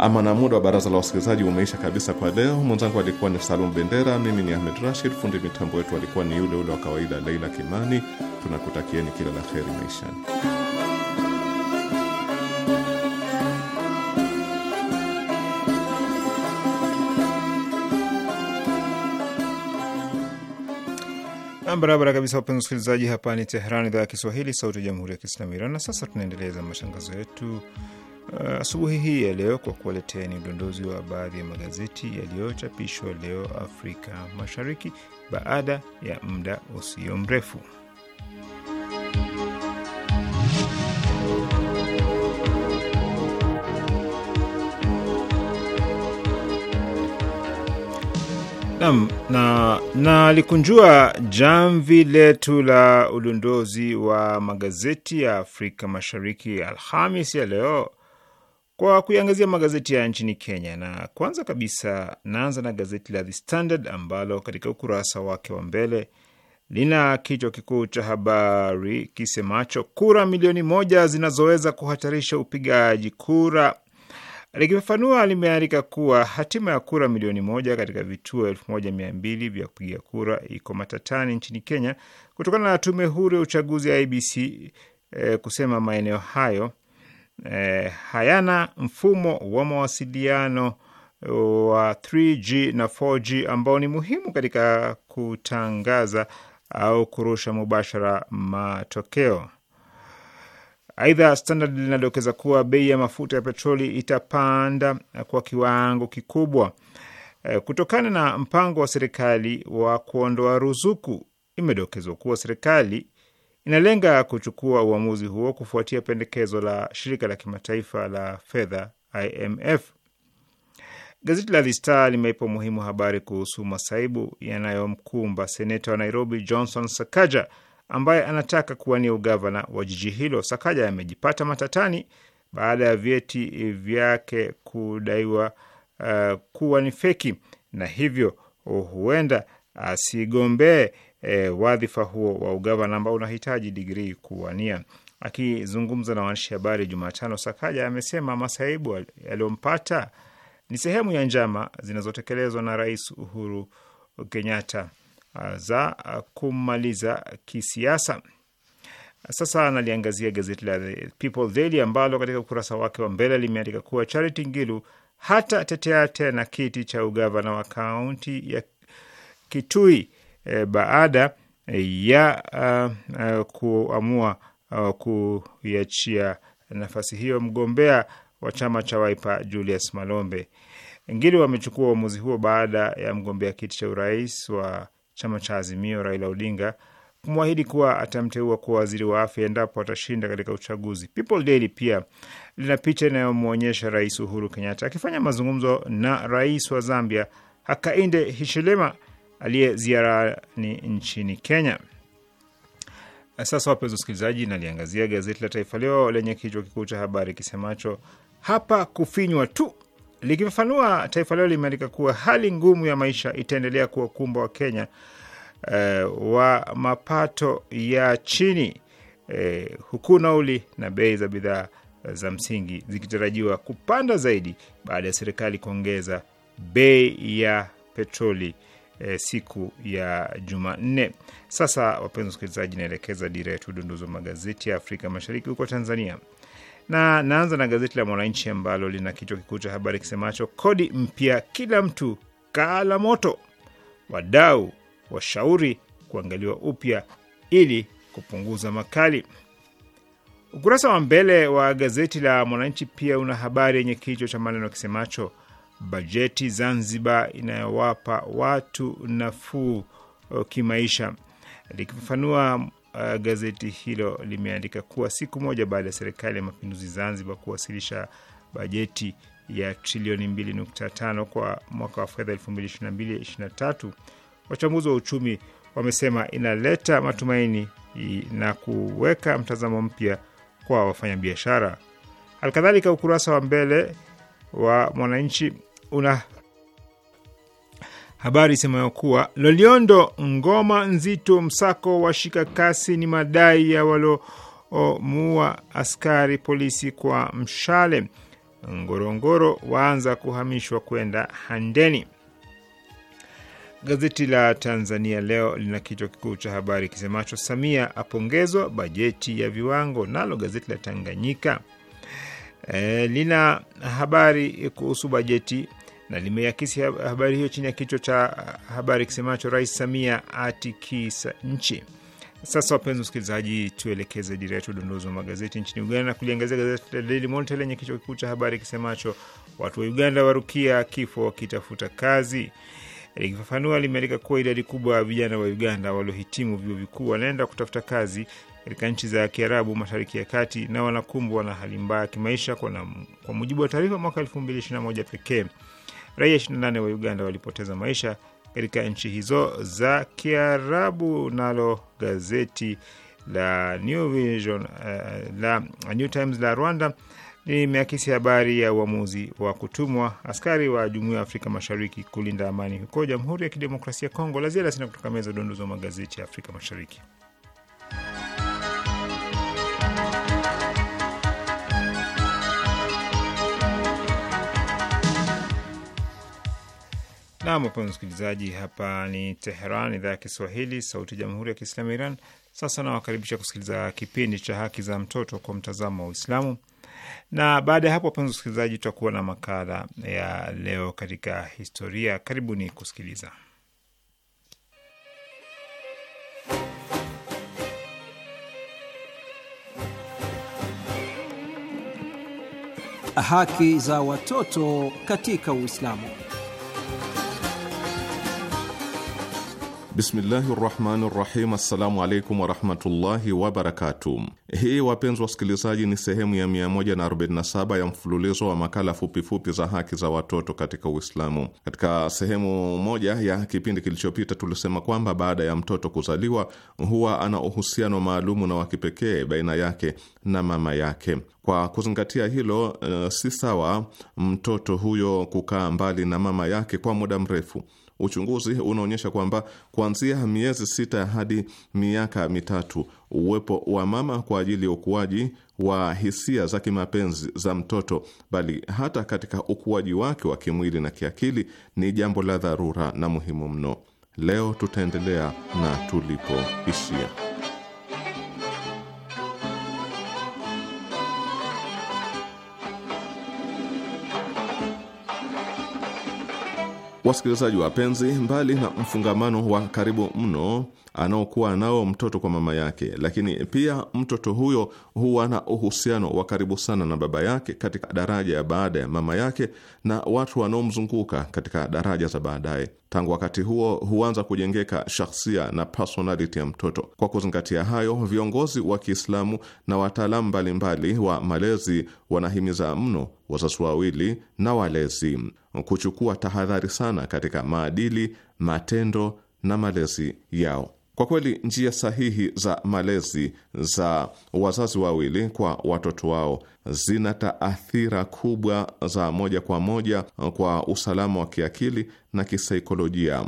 Ama na muda wa baraza la wasikilizaji umeisha kabisa kwa leo. Mwenzangu alikuwa ni Salum Bendera, mimi ni Ahmed Rashid, fundi mitambo wetu alikuwa ni yule ule wa kawaida Leila Kimani. Tunakutakieni kila la heri maishani. barabara kabisa, wapenzi wasikilizaji, hapa ni Tehran, idhaa ya Kiswahili, sauti ya jamhuri ya kiislamu Iran. Na sasa tunaendeleza matangazo yetu uh, asubuhi hii ya leo kwa ni udondozi wa baadhi ya magazeti yaliyochapishwa leo Afrika Mashariki baada ya muda usio mrefu. Nam na nalikunjua na jamvi letu la udondozi wa magazeti ya Afrika Mashariki Alhamis ya leo kwa kuiangazia magazeti ya nchini Kenya, na kwanza kabisa naanza na gazeti la The Standard ambalo katika ukurasa wake wa mbele lina kichwa kikuu cha habari kisemacho kura milioni moja zinazoweza kuhatarisha upigaji kura Likifafanua, limeandika kuwa hatima ya kura milioni moja katika vituo elfu moja mia mbili vya kupiga kura iko matatani nchini Kenya kutokana na tume huru ya uchaguzi ya IBC eh, kusema maeneo hayo eh, hayana mfumo wa mawasiliano eh, wa 3G na 4G ambao ni muhimu katika kutangaza au kurusha mubashara matokeo. Aidha, Standard linadokeza kuwa bei ya mafuta ya petroli itapanda kwa kiwango kikubwa eh, kutokana na mpango wa serikali wa kuondoa ruzuku. Imedokezwa kuwa serikali inalenga kuchukua uamuzi huo kufuatia pendekezo la shirika la kimataifa la fedha IMF. Gazeti la The Star limeipa umuhimu habari kuhusu masaibu yanayomkumba seneta wa Nairobi Johnson Sakaja ambaye anataka kuwania ugavana wa jiji hilo. Sakaja amejipata matatani baada ya vyeti vyake kudaiwa uh, kuwa ni feki na hivyo huenda asigombee uh, wadhifa huo wa ugavana ambao unahitaji digrii kuwania. Akizungumza na waandishi habari Jumatano, Sakaja amesema masaibu yaliyompata ni sehemu ya njama zinazotekelezwa na Rais Uhuru Kenyatta za kumaliza kisiasa. Sasa analiangazia gazeti la People Daily ambalo katika ukurasa wake wa mbele limeandika kuwa Charity Ngilu hata tetea tena kiti cha ugavana wa kaunti ya Kitui e, baada ya uh, uh, kuamua uh, kuiachia nafasi hiyo mgombea wa chama cha waipa Julius Malombe. Ngilu amechukua uamuzi huo baada ya mgombea kiti cha urais wa chama cha Azimio, Raila Odinga kumwahidi kuwa atamteua kuwa waziri wa afya endapo atashinda katika uchaguzi. People Daily pia lina picha inayomwonyesha Rais Uhuru Kenyatta akifanya mazungumzo na rais wa Zambia Hakainde Hichilema aliye ziarani nchini Kenya. Sasa wapenzi wasikilizaji, naliangazia gazeti la Taifa Leo lenye kichwa kikuu cha habari kisemacho hapa kufinywa tu. Likifafanua, Taifa Leo limeandika kuwa hali ngumu ya maisha itaendelea kuwakumba Kenya e, wa mapato ya chini e, huku nauli na bei za bidhaa za msingi zikitarajiwa kupanda zaidi baada ya serikali kuongeza bei ya petroli e, siku ya Jumanne. Sasa wapenzi wasikilizaji, naelekeza dira yetu udondozi wa magazeti ya Afrika Mashariki huko Tanzania na naanza na gazeti la Mwananchi ambalo lina kichwa kikuu cha habari kisemacho kodi mpya kila mtu kaala moto, wadau washauri kuangaliwa upya ili kupunguza makali. Ukurasa wa mbele wa gazeti la Mwananchi pia una habari yenye kichwa cha maneno kisemacho bajeti Zanzibar inayowapa watu nafuu eh, kimaisha. Likifafanua, uh, gazeti hilo limeandika kuwa siku moja baada ya serikali ya mapinduzi Zanzibar kuwasilisha bajeti ya trilioni 2.5 kwa mwaka wa fedha 2022/2023 wachambuzi wa uchumi wamesema inaleta matumaini na kuweka mtazamo mpya kwa wafanyabiashara. Halikadhalika, ukurasa wa mbele wa Mwananchi una habari isemayo kuwa Loliondo ngoma nzito msako wa shika kasi ni madai ya waliomuua askari polisi kwa mshale. Ngorongoro waanza kuhamishwa kwenda Handeni. Gazeti la Tanzania Leo lina kichwa kikuu cha habari kisemacho Samia apongezwa bajeti ya viwango. Nalo gazeti la Tanganyika e, lina habari kuhusu bajeti na limeakisi habari hiyo chini ya kichwa cha habari kisemacho Rais Samia atikisa nchi. Sasa wapenzi msikilizaji, tuelekeze dira yetu udondozi wa magazeti nchini Uganda na kuliangazia gazeti la Daily Monitor lenye kichwa kikuu cha habari kisemacho watu wa Uganda warukia kifo wakitafuta kazi. Likifafanua, limeandika kuwa idadi kubwa ya vijana wa Uganda waliohitimu vyuo vikuu wanaenda kutafuta kazi katika nchi za Kiarabu, Mashariki ya Kati na wanakumbwa na hali mbaya ya kimaisha, kwa mujibu wa taarifa mwaka 2021 pekee Raia 28 wa Uganda walipoteza maisha katika nchi hizo za Kiarabu. Nalo gazeti la New Vision, uh, la New Times la Rwanda limeakisi habari ya uamuzi wa kutumwa askari wa Jumuiya ya Afrika Mashariki kulinda amani huko Jamhuri ya Kidemokrasia ya Kongo. La ziada sina kutoka meza udondozi magazeti ya Afrika Mashariki. Na wapenzi msikilizaji, hapa ni Teheran, idhaa ya Kiswahili, sauti ya jamhuri ya kiislamu ya Iran. Sasa nawakaribisha kusikiliza kipindi cha haki za mtoto kwa mtazamo wa Uislamu, na baada ya hapo, wapenzi msikilizaji, tutakuwa na makala ya leo katika historia. Karibuni kusikiliza. Haki za watoto katika Uislamu. Bismillahi rahmani rahim. Assalamu alaikum warahmatullahi wabarakatu. Hii wapenzi wasikilizaji, ni sehemu ya 147 ya mfululizo wa makala fupifupi za haki za watoto katika Uislamu. Katika sehemu moja ya kipindi kilichopita, tulisema kwamba baada ya mtoto kuzaliwa huwa ana uhusiano maalumu na wa kipekee baina yake na mama yake. Kwa kuzingatia hilo, uh, si sawa mtoto huyo kukaa mbali na mama yake kwa muda mrefu Uchunguzi unaonyesha kwamba kuanzia miezi sita hadi miaka mitatu, uwepo wa mama kwa ajili ya ukuaji wa hisia za kimapenzi za mtoto, bali hata katika ukuaji wake wa kimwili na kiakili, ni jambo la dharura na muhimu mno. Leo tutaendelea na tulipoishia. Wasikilizaji wapenzi, mbali na mfungamano wa karibu mno anaokuwa nao mtoto kwa mama yake, lakini pia mtoto huyo huwa na uhusiano wa karibu sana na baba yake katika daraja ya baada ya mama yake na watu wanaomzunguka katika daraja za baadaye. Tangu wakati huo huanza kujengeka shakhsia na personality ya mtoto. Kwa kuzingatia hayo, viongozi wa Kiislamu na wataalamu mbalimbali wa malezi wanahimiza mno wazazi wawili na walezi kuchukua tahadhari sana katika maadili, matendo na malezi yao. Kwa kweli njia sahihi za malezi za wazazi wawili kwa watoto wao zina taathira kubwa za moja kwa moja kwa usalama wa kiakili na kisaikolojia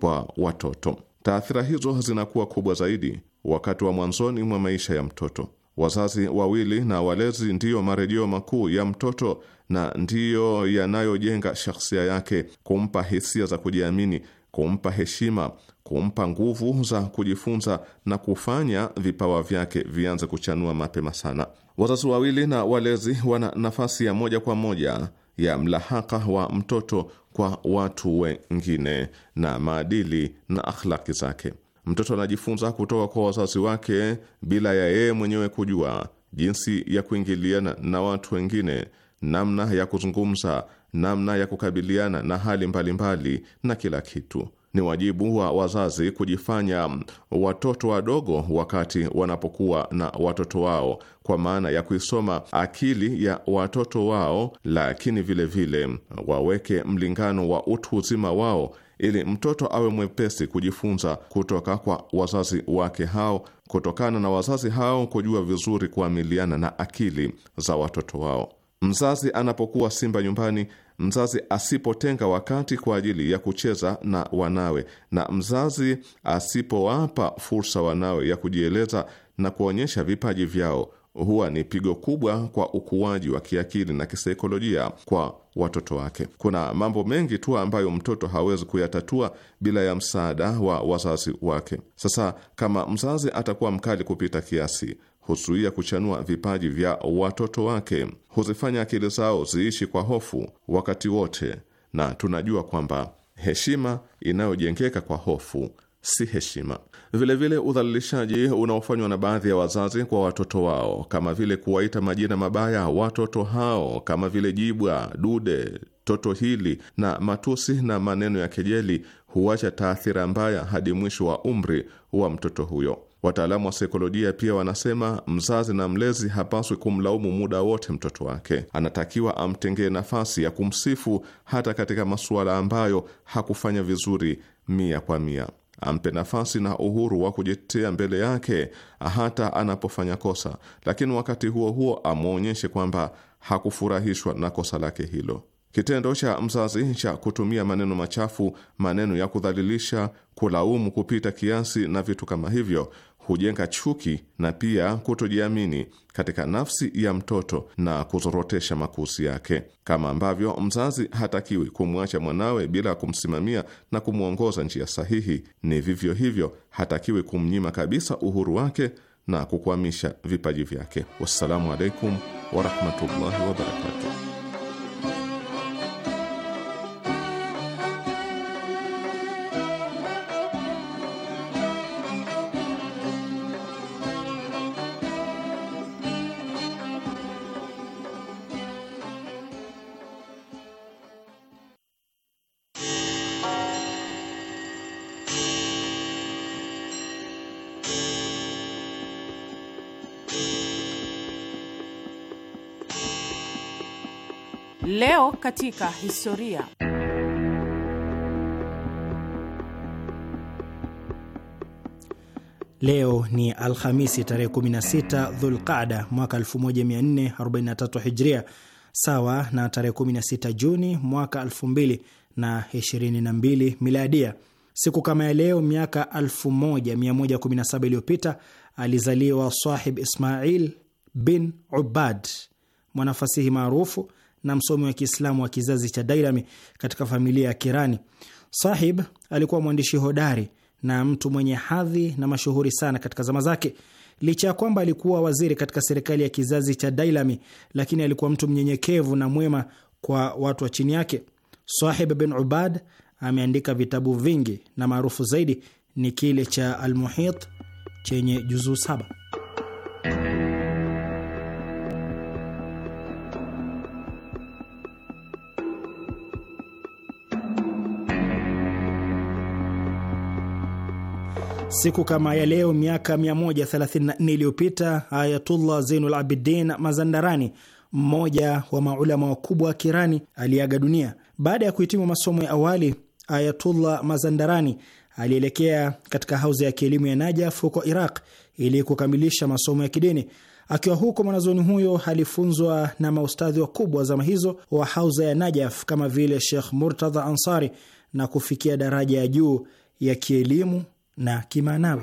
kwa watoto. Taathira hizo zinakuwa kubwa zaidi wakati wa mwanzoni mwa maisha ya mtoto. Wazazi wawili na walezi ndiyo marejeo makuu ya mtoto na ndiyo yanayojenga shahsia yake, kumpa hisia za kujiamini, kumpa heshima kumpa nguvu za kujifunza na kufanya vipawa vyake vianze kuchanua mapema sana. Wazazi wawili na walezi wana nafasi ya moja kwa moja ya mlahaka wa mtoto kwa watu wengine na maadili na akhlaki zake. Mtoto anajifunza kutoka kwa wazazi wake bila ya yeye mwenyewe kujua, jinsi ya kuingiliana na watu wengine, namna ya kuzungumza, namna ya kukabiliana na hali mbalimbali mbali, na kila kitu ni wajibu wa wazazi kujifanya watoto wadogo wakati wanapokuwa na watoto wao, kwa maana ya kuisoma akili ya watoto wao, lakini vilevile vile, waweke mlingano wa utu uzima wao ili mtoto awe mwepesi kujifunza kutoka kwa wazazi wake hao, kutokana na wazazi hao kujua vizuri kuamiliana na akili za watoto wao. Mzazi anapokuwa simba nyumbani mzazi asipotenga wakati kwa ajili ya kucheza na wanawe na mzazi asipowapa fursa wanawe ya kujieleza na kuonyesha vipaji vyao huwa ni pigo kubwa kwa ukuaji wa kiakili na kisaikolojia kwa watoto wake. Kuna mambo mengi tu ambayo mtoto hawezi kuyatatua bila ya msaada wa wazazi wake. Sasa kama mzazi atakuwa mkali kupita kiasi, huzuia kuchanua vipaji vya watoto wake, huzifanya akili zao ziishi kwa hofu wakati wote, na tunajua kwamba heshima inayojengeka kwa hofu si heshima. Vilevile, udhalilishaji unaofanywa na baadhi ya wazazi kwa watoto wao, kama vile kuwaita majina mabaya watoto hao kama vile jibwa, dude, toto hili, na matusi na maneno ya kejeli, huacha taathira mbaya hadi mwisho wa umri wa mtoto huyo. Wataalamu wa saikolojia pia wanasema mzazi na mlezi hapaswi kumlaumu muda wote mtoto wake. Anatakiwa amtengee nafasi ya kumsifu hata katika masuala ambayo hakufanya vizuri mia kwa mia. Ampe nafasi na uhuru wa kujitetea mbele yake hata anapofanya kosa, lakini wakati huo huo amwonyeshe kwamba hakufurahishwa na kosa lake hilo. Kitendo cha mzazi cha kutumia maneno machafu, maneno ya kudhalilisha, kulaumu kupita kiasi na vitu kama hivyo hujenga chuki na pia kutojiamini katika nafsi ya mtoto na kuzorotesha makuzi yake. Kama ambavyo mzazi hatakiwi kumwacha mwanawe bila kumsimamia na kumwongoza njia sahihi, ni vivyo hivyo hatakiwi kumnyima kabisa uhuru wake na kukwamisha vipaji vyake. Wassalamu alaikum warahmatullahi wabarakatu. katika historia. Leo ni Alhamisi tarehe 16 Dhulqada mwaka 1443 Hijria, sawa na tarehe 16 Juni mwaka 2022 Miladia. Siku kama ya leo miaka 1117 iliyopita alizaliwa Sahib Ismail bin Ubad, mwanafasihi maarufu na msomi wa Kiislamu wa kizazi cha Dairami katika familia ya Kirani. Sahib alikuwa mwandishi hodari na mtu mwenye hadhi na mashuhuri sana katika zama zake. Licha ya kwamba alikuwa waziri katika serikali ya kizazi cha Dailami, lakini alikuwa mtu mnyenyekevu na mwema kwa watu wa chini yake. Sahib bin Ubad ameandika vitabu vingi na maarufu zaidi ni kile cha Almuhit chenye juzuu saba. Siku kama ya leo miaka 134 iliyopita Ayatullah Zeinul Abidin Mazandarani, mmoja wa maulama wakubwa wa Kirani, aliaga dunia. Baada ya kuhitimu masomo ya awali, Ayatullah Mazandarani alielekea katika hauza ya kielimu ya Najaf huko Iraq ili kukamilisha masomo ya kidini. Akiwa huko mwanazoni huyo alifunzwa na maustadhi wakubwa wa zama hizo wa hauza ya Najaf kama vile Shekh Murtadha Ansari na kufikia daraja ya juu ya kielimu na kimaanawi.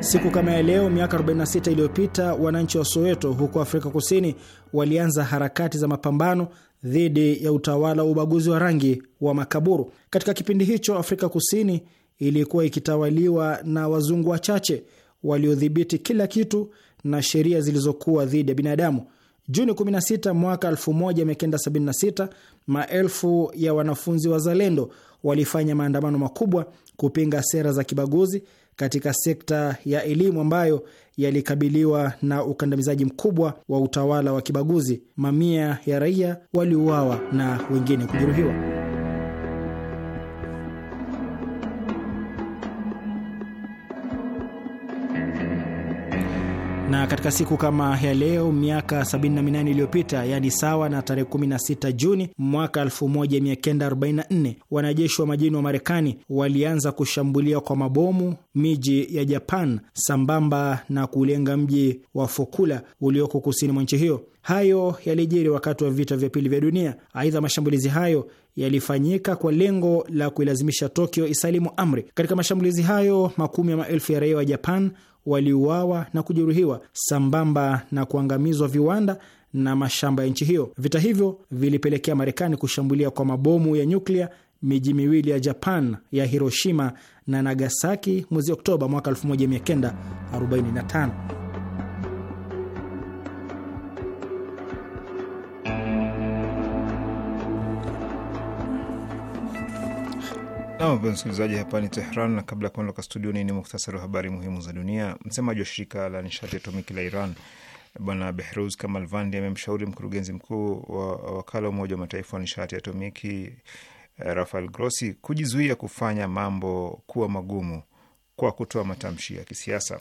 Siku kama ya leo miaka 46 iliyopita wananchi wa Soweto huko Afrika Kusini walianza harakati za mapambano dhidi ya utawala wa ubaguzi wa rangi wa makaburu. Katika kipindi hicho, Afrika Kusini ilikuwa ikitawaliwa na wazungu wachache waliodhibiti kila kitu na sheria zilizokuwa dhidi ya binadamu. Juni 16 mwaka 1976, maelfu ya wanafunzi wazalendo walifanya maandamano makubwa kupinga sera za kibaguzi katika sekta ya elimu ambayo yalikabiliwa na ukandamizaji mkubwa wa utawala wa kibaguzi. Mamia ya raia waliuawa na wengine kujeruhiwa. Na katika siku kama ya leo miaka 78 iliyopita, yani sawa na tarehe 16 Juni mwaka 1944, wanajeshi wa majini wa Marekani walianza kushambulia kwa mabomu miji ya Japan sambamba na kulenga mji wa Fukula ulioko kusini mwa nchi hiyo. Hayo yalijiri wakati wa vita vya pili vya dunia. Aidha, mashambulizi hayo yalifanyika kwa lengo la kuilazimisha Tokyo isalimu amri. Katika mashambulizi hayo, makumi ya maelfu ya raia wa Japan waliuawa na kujeruhiwa sambamba na kuangamizwa viwanda na mashamba ya nchi hiyo. Vita hivyo vilipelekea Marekani kushambulia kwa mabomu ya nyuklia miji miwili ya Japan ya Hiroshima na Nagasaki mwezi Oktoba mwaka 1945. Nam msikilizaji, hapa ni Tehran, na kabla ya kuondoka studioni ni muktasari wa habari muhimu za dunia. Msemaji wa shirika la nishati atomiki la Iran Bwana Behruz Kamalvandi amemshauri mkurugenzi mkuu wa wakala wa Umoja wa Mataifa wa nishati atomiki eh, Rafael Grossi kujizuia kufanya mambo kuwa magumu kwa kutoa matamshi ya kisiasa.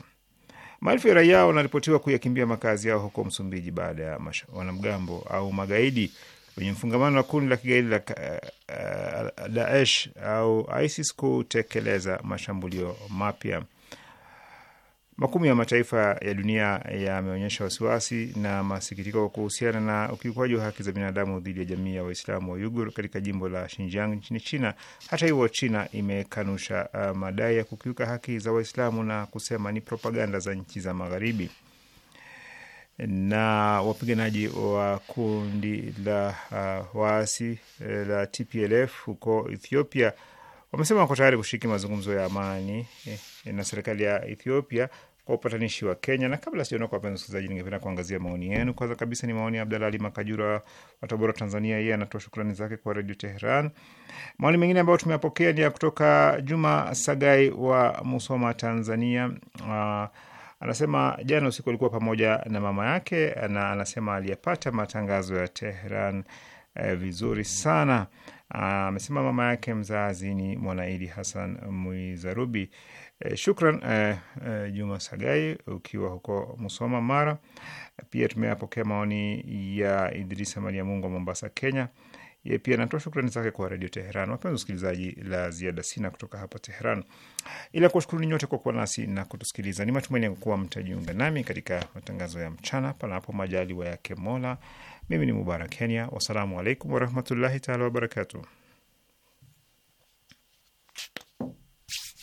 Maelfu ya raia wanaripotiwa kuyakimbia makazi yao huko Msumbiji baada ya wanamgambo au magaidi wenye mfungamano na kundi la kigaidi la uh, Daesh au ISIS kutekeleza mashambulio mapya. Makumi ya mataifa ya dunia yameonyesha wasiwasi na masikitiko kuhusiana na ukiukwaji wa haki za binadamu dhidi ya jamii ya Waislamu wa Uyghur katika jimbo la Xinjiang nchini China. Hata hivyo, China imekanusha uh, madai ya kukiuka haki za Waislamu na kusema ni propaganda za nchi za Magharibi na wapiganaji wa kundi la uh, waasi eh, la TPLF huko Ethiopia wamesema wako tayari kushiriki mazungumzo ya amani eh, na serikali ya Ethiopia kwa upatanishi wa Kenya. Na kabla sijaondoka, wapenzi wasikilizaji, ningependa kuangazia maoni yenu. Kwanza kabisa ni maoni ya Abdalla Ali Makajura wa Tabora, Tanzania. Yeye anatoa shukrani zake kwa Redio Teheran. Maoni mengine ambayo tumeyapokea ni ya kutoka Juma Sagai wa Musoma, Tanzania. uh, Anasema jana usiku alikuwa pamoja na mama yake, na anasema aliyepata matangazo ya Tehran eh, vizuri sana. Amesema mama yake mzazi ni Mwanaidi Hassan Mwizarubi. Eh, shukran eh, eh, Juma Sagai ukiwa huko Musoma, Mara. Pia tumeyapokea maoni ya Idrisa Malia Mungu wa Mombasa, Kenya. Ye pia anatoa shukrani zake kwa Redio Teheran. Wapenzi wasikilizaji, la ziada sina kutoka hapa Teheran. Ila kuwashukuruni nyote kwa kuwa nasi na kutusikiliza. Ni matumaini yangu kuwa mtajiunga nami katika matangazo ya mchana, panapo majaliwa yake Mola. Mimi ni Mubarak Kenya, wassalamu alaikum warahmatullahi taala wabarakatuh